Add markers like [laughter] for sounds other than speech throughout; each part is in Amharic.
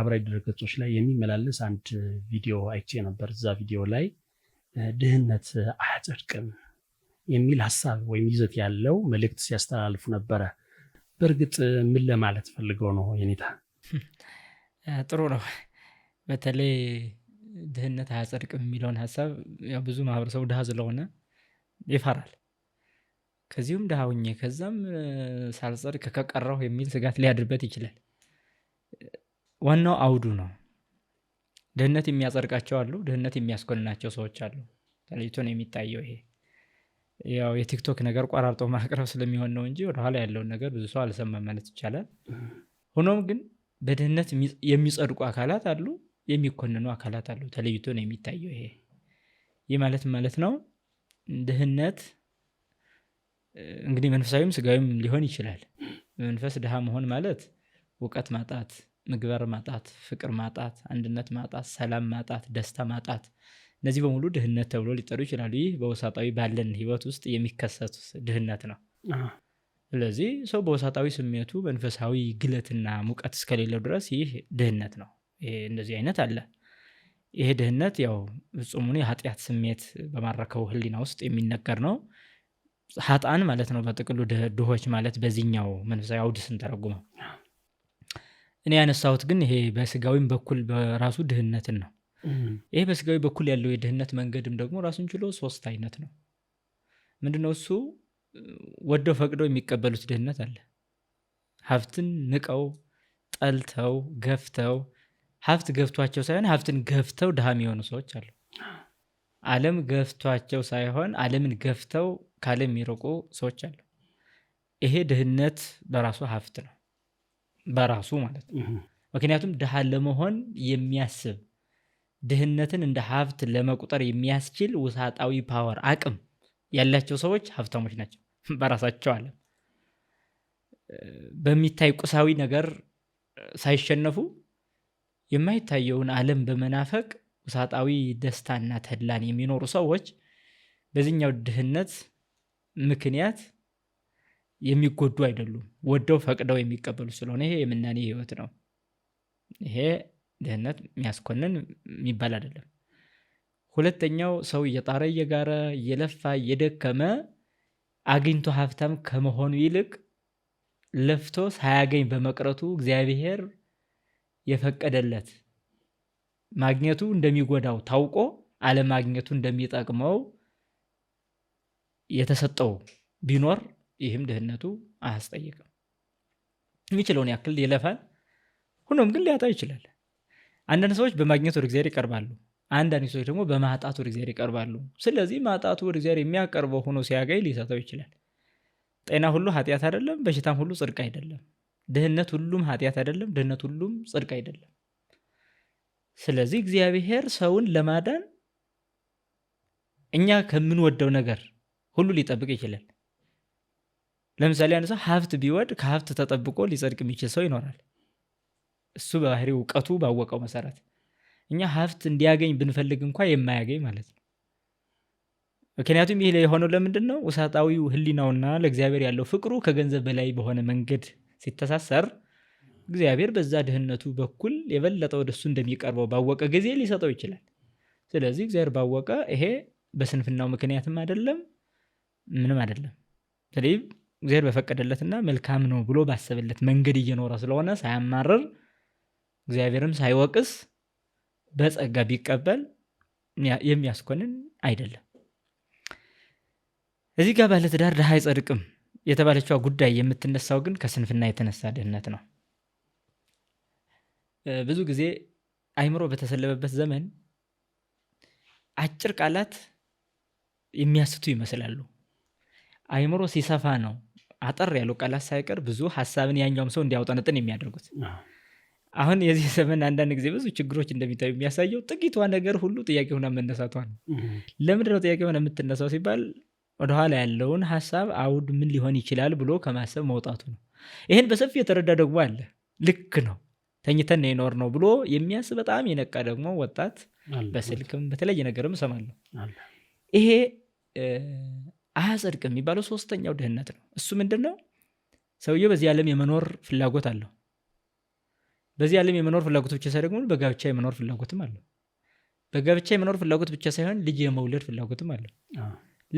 ማህበራዊ ድረገጾች ላይ የሚመላለስ አንድ ቪዲዮ አይቼ ነበር። እዛ ቪዲዮ ላይ ድህነት አያጸድቅም የሚል ሀሳብ ወይም ይዘት ያለው መልእክት ሲያስተላልፉ ነበረ። በእርግጥ ምን ለማለት ፈልገው ነው የኔታ? ጥሩ ነው። በተለይ ድህነት አያጸድቅም የሚለውን ሀሳብ ብዙ ማህበረሰቡ ድሃ ስለሆነ ይፈራል። ከዚሁም ድሃ ሁኜ ከዛም ሳልጸድቅ ከቀረሁ የሚል ስጋት ሊያድርበት ይችላል። ዋናው አውዱ ነው። ደህንነት የሚያጸድቃቸው አሉ፣ ደህነት የሚያስኮንናቸው ሰዎች አሉ። ተለይቶ ነው የሚታየው። ይሄ ያው የቲክቶክ ነገር ቆራርጦ ማቅረብ ስለሚሆን ነው እንጂ ወደኋላ ያለውን ነገር ብዙ ሰው አልሰማም ማለት ይቻላል። ሆኖም ግን በደህንነት የሚጸድቁ አካላት አሉ፣ የሚኮንኑ አካላት አሉ። ተለይቶ ነው የሚታየው። ይሄ ይህ ማለት ማለት ነው ድህነት እንግዲህ መንፈሳዊም ስጋዊም ሊሆን ይችላል። መንፈስ ድሃ መሆን ማለት እውቀት ማጣት ምግባር ማጣት፣ ፍቅር ማጣት፣ አንድነት ማጣት፣ ሰላም ማጣት፣ ደስታ ማጣት እነዚህ በሙሉ ድህነት ተብሎ ሊጠሩ ይችላሉ። ይህ በውሳጣዊ ባለን ህይወት ውስጥ የሚከሰት ድህነት ነው። ስለዚህ ሰው በውሳጣዊ ስሜቱ መንፈሳዊ ግለትና ሙቀት እስከሌለው ድረስ ይህ ድህነት ነው። እንደዚህ አይነት አለ። ይሄ ድህነት ያው ፍጹሙን የኃጢአት ስሜት በማረከው ህሊና ውስጥ የሚነገር ነው። ሀጣን ማለት ነው በጥቅሉ ድሆች ማለት በዚህኛው መንፈሳዊ አውድ ስንተረጉመው እኔ ያነሳሁት ግን ይሄ በስጋዊም በኩል በራሱ ድህነትን ነው። ይሄ በስጋዊ በኩል ያለው የድህነት መንገድም ደግሞ ራሱን ችሎ ሶስት አይነት ነው። ምንድነው እሱ? ወደው ፈቅደው የሚቀበሉት ድህነት አለ። ሀብትን ንቀው ጠልተው ገፍተው ሀብት ገፍቷቸው ሳይሆን ሀብትን ገፍተው ድሃም የሆኑ ሰዎች አሉ። አለም ገፍቷቸው ሳይሆን አለምን ገፍተው ካለም የሚረቁ ሰዎች አሉ። ይሄ ድህነት በራሱ ሀብት ነው። በራሱ ማለት ነው። ምክንያቱም ድሃ ለመሆን የሚያስብ ድህነትን እንደ ሀብት ለመቁጠር የሚያስችል ውሳጣዊ ፓወር አቅም ያላቸው ሰዎች ሀብታሞች ናቸው [laughs] በራሳቸው ዓለም። በሚታይ ቁሳዊ ነገር ሳይሸነፉ የማይታየውን ዓለም በመናፈቅ ውሳጣዊ ደስታና ተድላን የሚኖሩ ሰዎች በዚህኛው ድህነት ምክንያት የሚጎዱ አይደሉም። ወደው ፈቅደው የሚቀበሉ ስለሆነ ይሄ የምናኔ ህይወት ነው። ይሄ ድህነት የሚያስኮንን የሚባል አይደለም። ሁለተኛው ሰው እየጣረ እየጋረ እየለፋ እየደከመ አግኝቶ ሀብታም ከመሆኑ ይልቅ ለፍቶ ሳያገኝ በመቅረቱ እግዚአብሔር የፈቀደለት ማግኘቱ እንደሚጎዳው ታውቆ አለማግኘቱ እንደሚጠቅመው የተሰጠው ቢኖር ይህም ድህነቱ አያስጠይቅም። የሚችለውን ያክል ይለፋል። ሆኖም ግን ሊያጣ ይችላል። አንዳንድ ሰዎች በማግኘት ወደ እግዚአብሔር ይቀርባሉ። አንዳንድ ሰዎች ደግሞ በማጣት ወደ እግዚአብሔር ይቀርባሉ። ስለዚህ ማጣቱ ወደ እግዚአብሔር የሚያቀርበው ሆኖ ሲያገኝ ሊሰጠው ይችላል። ጤና ሁሉ ኃጢአት አይደለም፣ በሽታም ሁሉ ጽድቅ አይደለም። ድህነት ሁሉም ኃጢአት አይደለም፣ ድህነት ሁሉም ጽድቅ አይደለም። ስለዚህ እግዚአብሔር ሰውን ለማዳን እኛ ከምንወደው ነገር ሁሉ ሊጠብቅ ይችላል። ለምሳሌ አንድ ሰው ሀብት ቢወድ ከሀብት ተጠብቆ ሊጸድቅ የሚችል ሰው ይኖራል። እሱ በባህሪ እውቀቱ ባወቀው መሰረት እኛ ሀብት እንዲያገኝ ብንፈልግ እንኳ የማያገኝ ማለት ነው። ምክንያቱም ይህ የሆነው ለምንድን ነው? ውሳጣዊው ህሊናውና ለእግዚአብሔር ያለው ፍቅሩ ከገንዘብ በላይ በሆነ መንገድ ሲተሳሰር እግዚአብሔር በዛ ድህነቱ በኩል የበለጠ ወደሱ እንደሚቀርበው ባወቀ ጊዜ ሊሰጠው ይችላል። ስለዚህ እግዚአብሔር ባወቀ ይሄ በስንፍናው ምክንያትም አይደለም ምንም አይደለም። ስለዚህ እግዚአብሔር በፈቀደለትና መልካም ነው ብሎ ባሰበለት መንገድ እየኖረ ስለሆነ ሳያማርር እግዚአብሔርም ሳይወቅስ በጸጋ ቢቀበል የሚያስኮንን አይደለም። እዚህ ጋር ባለትዳር ድሃ አይጸድቅም የተባለችዋ ጉዳይ የምትነሳው ግን ከስንፍና የተነሳ ድህነት ነው። ብዙ ጊዜ አይምሮ በተሰለበበት ዘመን አጭር ቃላት የሚያስቱ ይመስላሉ። አይምሮ ሲሰፋ ነው አጠር ያለው ቃላት ሳይቀር ብዙ ሀሳብን ያኛውም ሰው እንዲያውጠነጥን የሚያደርጉት አሁን የዚህ ዘመን አንዳንድ ጊዜ ብዙ ችግሮች እንደሚታዩ የሚያሳየው ጥቂቷ ነገር ሁሉ ጥያቄ ሆነ መነሳቷ ነው። ለምድ ነው ጥያቄ ሆነ የምትነሳው ሲባል ወደኋላ ያለውን ሀሳብ አውድ ምን ሊሆን ይችላል ብሎ ከማሰብ መውጣቱ ነው። ይህን በሰፊ የተረዳ ደግሞ አለ። ልክ ነው ተኝተን ይኖር ነው ብሎ የሚያስብ በጣም የነቃ ደግሞ ወጣት በስልክም በተለየ ነገርም እሰማለሁ። ይሄ አያጸድቅ የሚባለው ሶስተኛው ድህነት ነው። እሱ ምንድን ነው? ሰውየው በዚህ ዓለም የመኖር ፍላጎት አለው። በዚህ ዓለም የመኖር ፍላጎት ብቻ ሳይሆን ደግሞ በጋብቻ የመኖር ፍላጎትም አለው። በጋብቻ የመኖር ፍላጎት ብቻ ሳይሆን ልጅ የመውለድ ፍላጎትም አለው።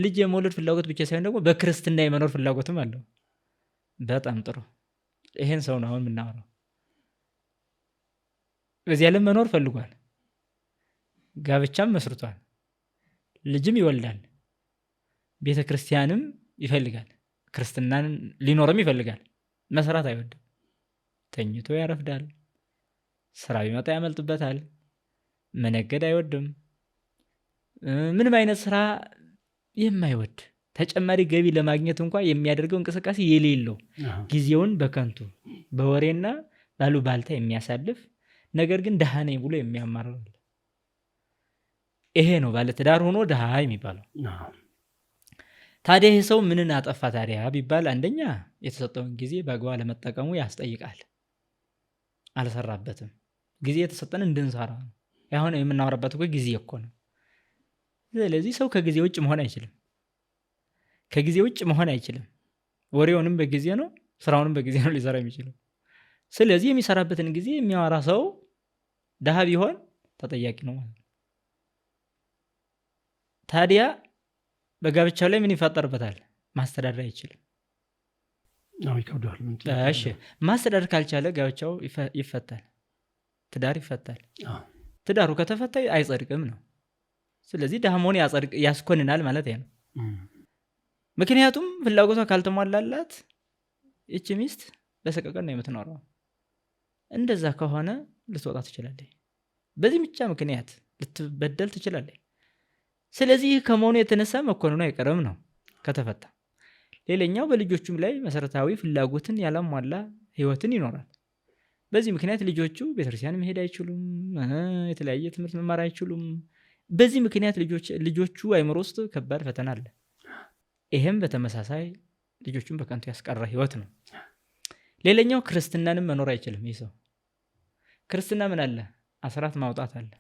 ልጅ የመውለድ ፍላጎት ብቻ ሳይሆን ደግሞ በክርስትና የመኖር ፍላጎትም አለው። በጣም ጥሩ። ይሄን ሰው ነው አሁን የምናወራው። በዚህ ዓለም መኖር ፈልጓል፣ ጋብቻም መስርቷል፣ ልጅም ይወልዳል። ቤተ ክርስቲያንም ይፈልጋል፣ ክርስትናን ሊኖርም ይፈልጋል። መሰራት አይወድም። ተኝቶ ያረፍዳል። ስራ ቢመጣ ያመልጥበታል። መነገድ አይወድም። ምንም አይነት ስራ የማይወድ ተጨማሪ ገቢ ለማግኘት እንኳ የሚያደርገው እንቅስቃሴ የሌለው ጊዜውን በከንቱ በወሬና ባልታ የሚያሳልፍ ነገር ግን ድሃ ነኝ ብሎ የሚያማረው ይሄ ነው ባለትዳር ሆኖ ድሃ የሚባለው። ታዲያ ይህ ሰው ምንን አጠፋ ታዲያ ቢባል አንደኛ የተሰጠውን ጊዜ በአግባ ለመጠቀሙ ያስጠይቃል። አልሰራበትም። ጊዜ የተሰጠን እንድንሰራ ነው። አሁን የምናወራበት እኮ ጊዜ እኮ ነው። ስለዚህ ሰው ከጊዜ ውጭ መሆን አይችልም። ከጊዜ ውጭ መሆን አይችልም። ወሬውንም በጊዜ ነው፣ ስራውንም በጊዜ ነው ሊሰራ የሚችለው። ስለዚህ የሚሰራበትን ጊዜ የሚያወራ ሰው ድሃ ቢሆን ተጠያቂ ነው ማለት ነው ታዲያ በጋብቻው ላይ ምን ይፈጠርበታል? ማስተዳደር አይችልም። ማስተዳደር ካልቻለ ጋብቻው ይፈታል፣ ትዳር ይፈታል። ትዳሩ ከተፈታ አይጸድቅም ነው። ስለዚህ ዳሞን ያስኮንናል ማለት ነው። ምክንያቱም ፍላጎቷ ካልተሟላላት ይቺ ሚስት በሰቀቀን ነው የምትኖረው። እንደዛ ከሆነ ልትወጣ ትችላለ በዚህ ብቻ ምክንያት ልትበደል ትችላለች። ስለዚህ ይህ ከመሆኑ የተነሳ መኮንኑ አይቀርም ነው ከተፈታ። ሌላኛው በልጆቹም ላይ መሰረታዊ ፍላጎትን ያላሟላ ህይወትን ይኖራል። በዚህ ምክንያት ልጆቹ ቤተክርስቲያን መሄድ አይችሉም፣ የተለያየ ትምህርት መማር አይችሉም። በዚህ ምክንያት ልጆቹ አይምሮ ውስጥ ከባድ ፈተና አለ። ይህም በተመሳሳይ ልጆቹን በከንቱ ያስቀረ ህይወት ነው። ሌላኛው ክርስትናንም መኖር አይችልም። ይህ ሰው ክርስትና ምን አለ? አስራት ማውጣት አለ።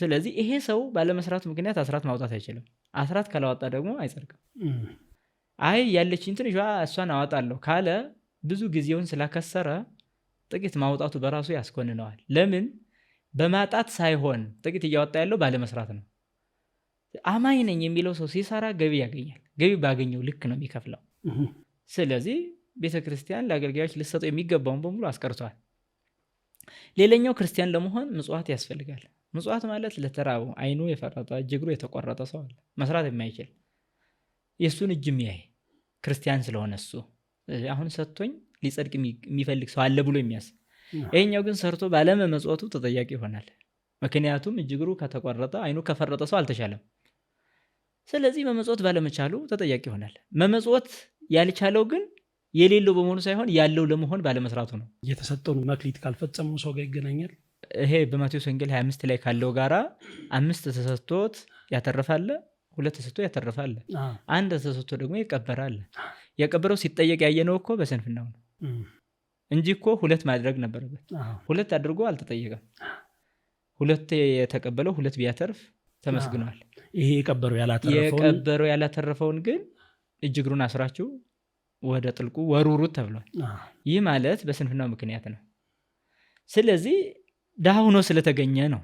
ስለዚህ ይሄ ሰው ባለመስራቱ ምክንያት አስራት ማውጣት አይችልም። አስራት ካላወጣ ደግሞ አይጸድቅም። አይ ያለችኝ ትንሿ እሷን አወጣለሁ ካለ ብዙ ጊዜውን ስላከሰረ ጥቂት ማውጣቱ በራሱ ያስኮንነዋል። ለምን በማጣት ሳይሆን ጥቂት እያወጣ ያለው ባለመስራት ነው። አማኝ ነኝ የሚለው ሰው ሲሰራ ገቢ ያገኛል። ገቢ ባገኘው ልክ ነው የሚከፍለው። ስለዚህ ቤተ ክርስቲያን ለአገልጋዮች ልሰጠው የሚገባውን በሙሉ አስቀርቷል። ሌላኛው ክርስቲያን ለመሆን ምጽዋት ያስፈልጋል። ምጽዋት ማለት ለተራበው አይኑ የፈረጠ እጅግሩ የተቆረጠ ሰው አለ፣ መስራት የማይችል የእሱን እጅ የሚያይ ክርስቲያን ስለሆነ እሱ አሁን ሰጥቶኝ ሊጸድቅ የሚፈልግ ሰው አለ ብሎ የሚያስብ ይሄኛው ግን ሰርቶ ባለመመጽወቱ ተጠያቂ ይሆናል። ምክንያቱም እጅግሩ ከተቆረጠ አይኑ ከፈረጠ ሰው አልተቻለም። ስለዚህ መመጽወት ባለመቻሉ ተጠያቂ ይሆናል። መመጽወት ያልቻለው ግን የሌለው በመሆኑ ሳይሆን ያለው ለመሆን ባለመስራቱ ነው። የተሰጠውን መክሊት ካልፈጸመው ሰው ጋር ይገናኛል። ይሄ በማቴዎስ ወንጌል 25 ላይ ካለው ጋራ አምስት ተሰቶት ያተረፋለ፣ ሁለት ተሰቶ ያተረፋለ፣ አንድ ተሰቶ ደግሞ ይቀበራል። የቀበረው ሲጠየቅ ያየነው እኮ በስንፍናው ነው እንጂ እኮ ሁለት ማድረግ ነበረበት። ሁለት አድርጎ አልተጠየቀም። ሁለት የተቀበለው ሁለት ቢያተርፍ ተመስግኗል። ይሄ የቀበረው ያላተረፈውን ግን እጅ እግሩን አስራችሁ ወደ ጥልቁ ወሩሩ ተብሏል። ይህ ማለት በስንፍናው ምክንያት ነው። ስለዚህ ድሃ ሆኖ ስለተገኘ ነው።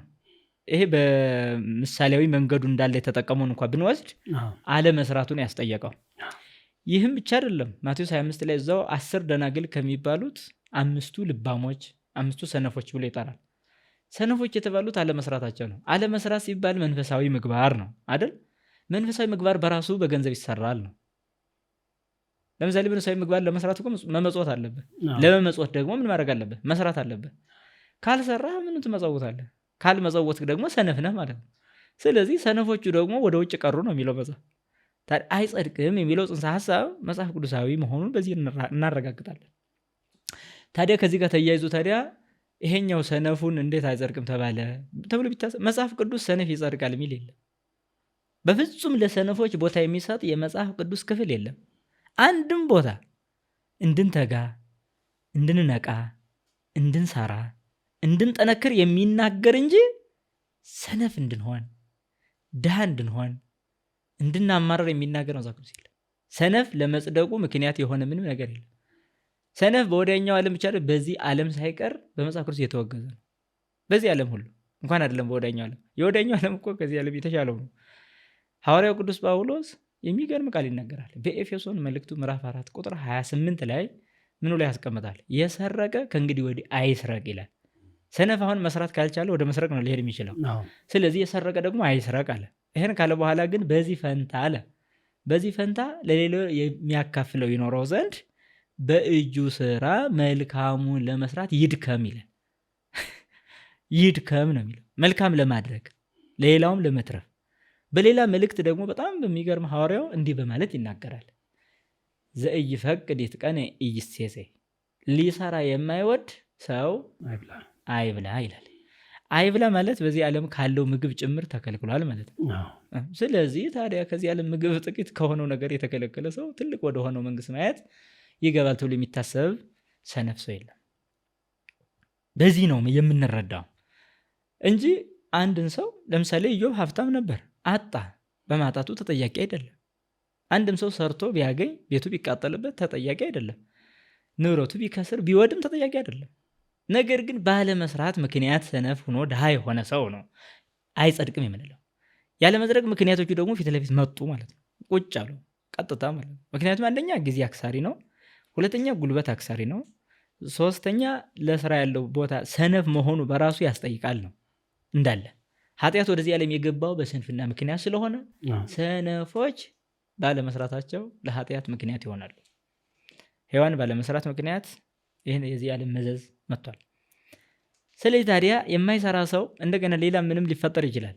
ይሄ በምሳሌያዊ መንገዱ እንዳለ የተጠቀመውን እንኳ ብንወስድ አለመስራቱን ያስጠየቀው። ይህም ብቻ አይደለም። ማቴዎስ 25 ላይ እዛው አስር ደናግል ከሚባሉት አምስቱ ልባሞች፣ አምስቱ ሰነፎች ብሎ ይጠራል። ሰነፎች የተባሉት አለመስራታቸው ነው። አለመስራት ሲባል መንፈሳዊ ምግባር ነው አይደል? መንፈሳዊ ምግባር በራሱ በገንዘብ ይሰራል ነው። ለምሳሌ መንፈሳዊ ምግባር ለመስራት እኮ መመጽወት አለብህ። ለመመጽወት ደግሞ ምን ማድረግ አለብህ? መስራት አለብህ። ካልሰራህ ምኑ ትመጸውታለህ? ካልመጸወትክ ደግሞ ሰነፍ ነህ ማለት ነው። ስለዚህ ሰነፎቹ ደግሞ ወደ ውጭ ቀሩ ነው የሚለው መጽሐፍ። አይጸድቅም የሚለው ጽንሰ ሀሳብ መጽሐፍ ቅዱሳዊ መሆኑን በዚህ እናረጋግጣለን። ታዲያ ከዚህ ጋር ተያይዞ ታዲያ ይሄኛው ሰነፉን እንዴት አይጸድቅም ተባለ ተብሎ ቢታሰብ መጽሐፍ ቅዱስ ሰነፍ ይጸድቃል የሚል የለም። በፍጹም ለሰነፎች ቦታ የሚሰጥ የመጽሐፍ ቅዱስ ክፍል የለም። አንድም ቦታ እንድንተጋ፣ እንድንነቃ፣ እንድንሰራ እንድንጠነክር የሚናገር እንጂ ሰነፍ እንድንሆን ድሃ እንድንሆን እንድናማረር የሚናገር ነው። ዛቅዱስ ሲል ሰነፍ ለመጽደቁ ምክንያት የሆነ ምንም ነገር የለም። ሰነፍ በወዲያኛው ዓለም ብቻ በዚህ ዓለም ሳይቀር በመጽሐፍ ቅዱስ የተወገዘ ነው። በዚህ ዓለም ሁሉ እንኳን አይደለም በወዲያኛው ዓለም። የወዲያኛው ዓለም እኮ ከዚህ ዓለም የተሻለው ነው። ሐዋርያው ቅዱስ ጳውሎስ የሚገርም ቃል ይናገራል። በኤፌሶን መልእክቱ ምዕራፍ 4 ቁጥር 28 ላይ ምኑ ላይ ያስቀምጣል? የሰረቀ ከእንግዲህ ወዲህ አይስረቅ ይላል። ሰነፍ አሁን መስራት ካልቻለ ወደ መስረቅ ነው ሊሄድ የሚችለው። ስለዚህ የሰረቀ ደግሞ አይስረቅ አለ። ይህን ካለ በኋላ ግን በዚህ ፈንታ አለ በዚህ ፈንታ ለሌሎ የሚያካፍለው ይኖረው ዘንድ በእጁ ስራ መልካሙን ለመስራት ይድከም ይላል። [laughs] ይድከም ነው የሚለው መልካም ለማድረግ ለሌላውም ለመትረፍ። በሌላ መልእክት ደግሞ በጣም በሚገርም ሐዋርያው እንዲህ በማለት ይናገራል። ዘእይፈቅድ ይትቀነ ኢይሴሴ ሊሰራ የማይወድ ሰው አይብላ ይላል። አይብላ ማለት በዚህ ዓለም ካለው ምግብ ጭምር ተከልክሏል ማለት ነው። ስለዚህ ታዲያ ከዚህ ዓለም ምግብ ጥቂት ከሆነው ነገር የተከለከለ ሰው ትልቅ ወደሆነው መንግስት ማየት ይገባል ተብሎ የሚታሰብ ሰነፍ ሰው የለም። በዚህ ነው የምንረዳው እንጂ አንድን ሰው ለምሳሌ ኢዮብ ሀብታም ነበር፣ አጣ። በማጣቱ ተጠያቂ አይደለም። አንድም ሰው ሰርቶ ቢያገኝ ቤቱ ቢቃጠልበት ተጠያቂ አይደለም። ንብረቱ ቢከስር ቢወድም ተጠያቂ አይደለም። ነገር ግን ባለመስራት ምክንያት ሰነፍ ሆኖ ድሃ የሆነ ሰው ነው አይጸድቅም የምንለው። ያለመጽደቅ ምክንያቶቹ ደግሞ ፊት ለፊት መጡ ማለት ነው። ቁጭ አሉ ቀጥታ ማለት ነው። ምክንያቱም አንደኛ ጊዜ አክሳሪ ነው፣ ሁለተኛ ጉልበት አክሳሪ ነው፣ ሶስተኛ ለስራ ያለው ቦታ ሰነፍ መሆኑ በራሱ ያስጠይቃል ነው እንዳለ ኃጢአት ወደዚህ ዓለም የገባው በስንፍና ምክንያት ስለሆነ ሰነፎች ባለመስራታቸው ለኃጢአት ምክንያት ይሆናሉ። ሔዋን ባለመስራት ምክንያት ይህን የዚህ ዓለም መዘዝ መጥቷል። ስለዚህ ታዲያ የማይሰራ ሰው እንደገና ሌላ ምንም ሊፈጠር ይችላል።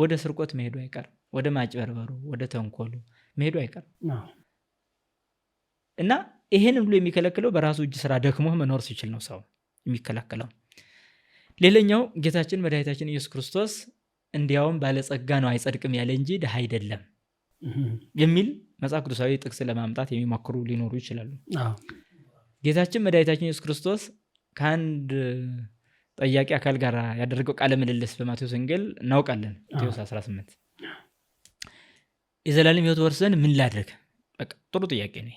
ወደ ስርቆት መሄዱ አይቀርም፣ ወደ ማጭበርበሩ፣ ወደ ተንኮሉ መሄዱ አይቀርም እና ይህን ብሎ የሚከለክለው በራሱ እጅ ስራ ደክሞ መኖር ሲችል ነው ሰው የሚከላከለው። ሌላኛው ጌታችን መድኃኒታችን ኢየሱስ ክርስቶስ እንዲያውም ባለጸጋ ነው አይጸድቅም ያለ እንጂ ድሃ አይደለም የሚል መጽሐፍ ቅዱሳዊ ጥቅስ ለማምጣት የሚሞክሩ ሊኖሩ ይችላሉ። ጌታችን መድኃኒታችን ኢየሱስ ክርስቶስ ከአንድ ጠያቂ አካል ጋር ያደረገው ቃለ ምልልስ በማቴዎስ ወንጌል እናውቃለን። ቴዎስ 18 የዘላለም ህይወት ወርሰን ምን ላድርግ? ጥሩ ጥያቄ ነው።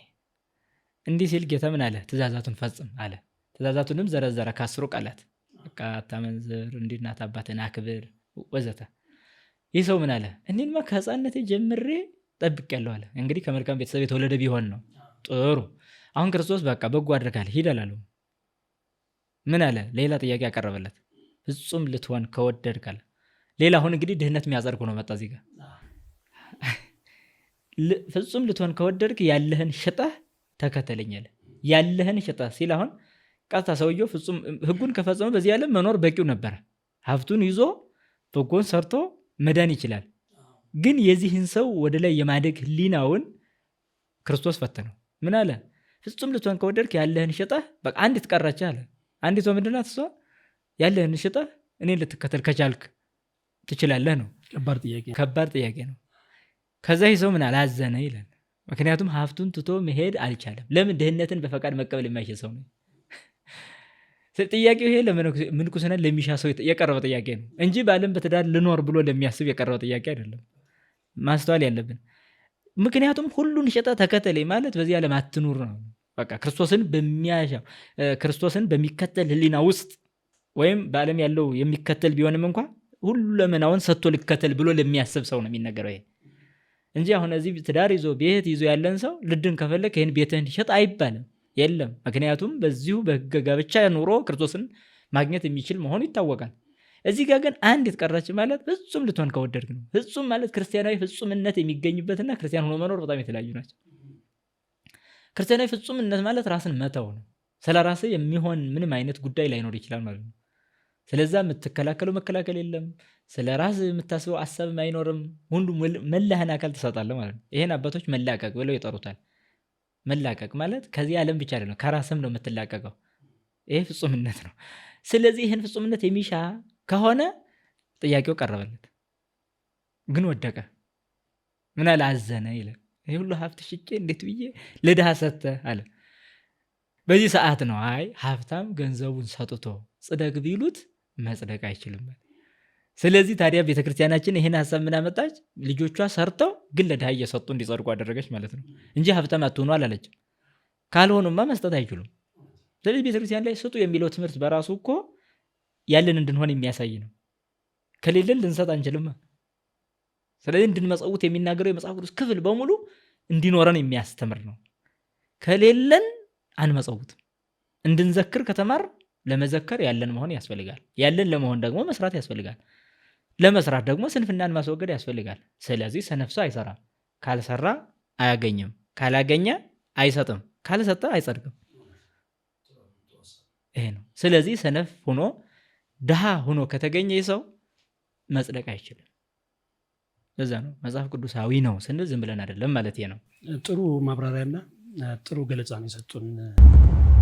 እንዲህ ሲል ጌታ ምን አለ? ትእዛዛቱን ፈጽም አለ። ትእዛዛቱንም ዘረዘረ ከአስሩ ቃላት በቃ አታመንዝር፣ አባትን አክብር ወዘተ። ይህ ሰው ምን አለ? እኔንማ ከሕፃንነቴ ጀምሬ ያለው አለ። እንግዲህ ከመልካም ቤተሰብ የተወለደ ቢሆን ነው ጥሩ አሁን ክርስቶስ በቃ በጎ አድርጋል ሂደላሉ ምን አለ? ሌላ ጥያቄ ያቀረበለት ፍጹም ልትሆን ከወደድካል ሌላ አሁን እንግዲህ ድህነት የሚያጸድቅ ነው መጣ እዚህ ፍጹም ልትሆን ከወደድክ ያለህን ሽጠህ ተከተለኛል ያለህን ሽጠህ ሲል አሁን ቀጥታ ሰውየው ፍጹም ህጉን ከፈጸመ በዚህ ዓለም መኖር በቂው ነበረ። ሀብቱን ይዞ በጎን ሰርቶ መዳን ይችላል። ግን የዚህን ሰው ወደ ላይ የማደግ ህሊናውን ክርስቶስ ፈተነው። ምን አለ? ፍጹም ልትሆን ከወደድክ ያለህን ሽጠህ በቃ አንዲት ቀረች አለ። አንዲቷ ምንድናት? እሷ ያለህን ሽጠህ እኔን ልትከተል ከቻልክ ትችላለህ ነው። ከባድ ጥያቄ ነው። ከዛ ይህ ሰው ምን አላዘነ ይላል። ምክንያቱም ሀብቱን ትቶ መሄድ አልቻለም። ለምን? ድህነትን በፈቃድ መቀበል የማይችል ሰው ነው። ጥያቄው ይሄ ለምንኩስና ለሚሻ ሰው የቀረበ ጥያቄ ነው እንጂ ባለም በትዳር ልኖር ብሎ ለሚያስብ የቀረበ ጥያቄ አይደለም። ማስተዋል ያለብን ምክንያቱም ሁሉን ሸጠ ተከተለ ማለት በዚህ ዓለም አትኑር ነው። በቃ ክርስቶስን በሚያሻው ክርስቶስን በሚከተል ህሊና ውስጥ ወይም በዓለም ያለው የሚከተል ቢሆንም እንኳ ለመናውን ሰጥቶ ልከተል ብሎ ለሚያስብ ሰው ነው የሚነገረው ይሄ እንጂ አሁን እዚህ ትዳር ይዞ ቤት ይዞ ያለን ሰው ልድን ከፈለግ ይህን ቤትህን ሸጥ አይባልም። የለም ምክንያቱም በዚሁ በሕገ ጋብቻ ኑሮ ክርስቶስን ማግኘት የሚችል መሆኑ ይታወቃል። እዚህ ጋር ግን አንድ የተቀራች ማለት ፍጹም ልትሆን ከወደድግ ነው። ፍጹም ማለት ክርስቲያናዊ ፍጹምነት የሚገኝበትና ክርስቲያን ሆኖ መኖር በጣም የተለያዩ ናቸው። ክርስቲያናዊ ፍጹምነት ማለት ራስን መተው ነው። ስለ ራስ የሚሆን ምንም አይነት ጉዳይ ላይኖር ይችላል ማለት ነው። ስለዛ የምትከላከለው መከላከል የለም። ስለ ራስ የምታስበው አሰብም አይኖርም። ሁሉ መላህን አካል ትሰጣለህ ማለት ነው። ይህን አባቶች መላቀቅ ብለው ይጠሩታል። መላቀቅ ማለት ከዚህ ዓለም ብቻ አይደለም፣ ከራስም ነው የምትላቀቀው። ይሄ ፍጹምነት ነው። ስለዚህ ይህን ፍጹምነት የሚሻ ከሆነ ጥያቄው ቀረበለት፣ ግን ወደቀ። ምን አለ? አዘነ ይላል። ይህ ሁሉ ሀብት ሽጬ እንዴት ብዬ ለድሃ ሰተ አለ። በዚህ ሰዓት ነው አይ ሀብታም ገንዘቡን ሰጥቶ ጽደቅ ቢሉት መጽደቅ አይችልም። ስለዚህ ታዲያ ቤተክርስቲያናችን ይህን ሀሳብ ምናመጣች? ልጆቿ ሰርተው ግን ለድሃ እየሰጡ እንዲጸድቁ አደረገች ማለት ነው እንጂ ሀብታም አትሆኑ አላለችም። ካልሆኑማ መስጠት አይችሉም። ስለዚህ ቤተክርስቲያን ላይ ስጡ የሚለው ትምህርት በራሱ እኮ ያለን እንድንሆን የሚያሳይ ነው። ከሌለን ልንሰጥ አንችልም። ስለዚህ እንድንመጸውት የሚናገረው የመጽሐፍ ቅዱስ ክፍል በሙሉ እንዲኖረን የሚያስተምር ነው። ከሌለን አንመጸውትም። እንድንዘክር ከተማር ለመዘከር ያለን መሆን ያስፈልጋል። ያለን ለመሆን ደግሞ መስራት ያስፈልጋል። ለመስራት ደግሞ ስንፍናን ማስወገድ ያስፈልጋል። ስለዚህ ሰነፍ ሰው አይሰራም። ካልሰራ አያገኝም፣ ካላገኘ አይሰጥም፣ ካልሰጠ አይጸድቅም። ይሄ ነው። ስለዚህ ሰነፍ ሆኖ ድሃ ሆኖ ከተገኘ ሰው መጽደቅ አይችልም። ለዛ ነው መጽሐፍ ቅዱሳዊ ነው ስንል ዝም ብለን አይደለም ማለት ነው። ጥሩ ማብራሪያና ጥሩ ገለጻ ነው የሰጡን።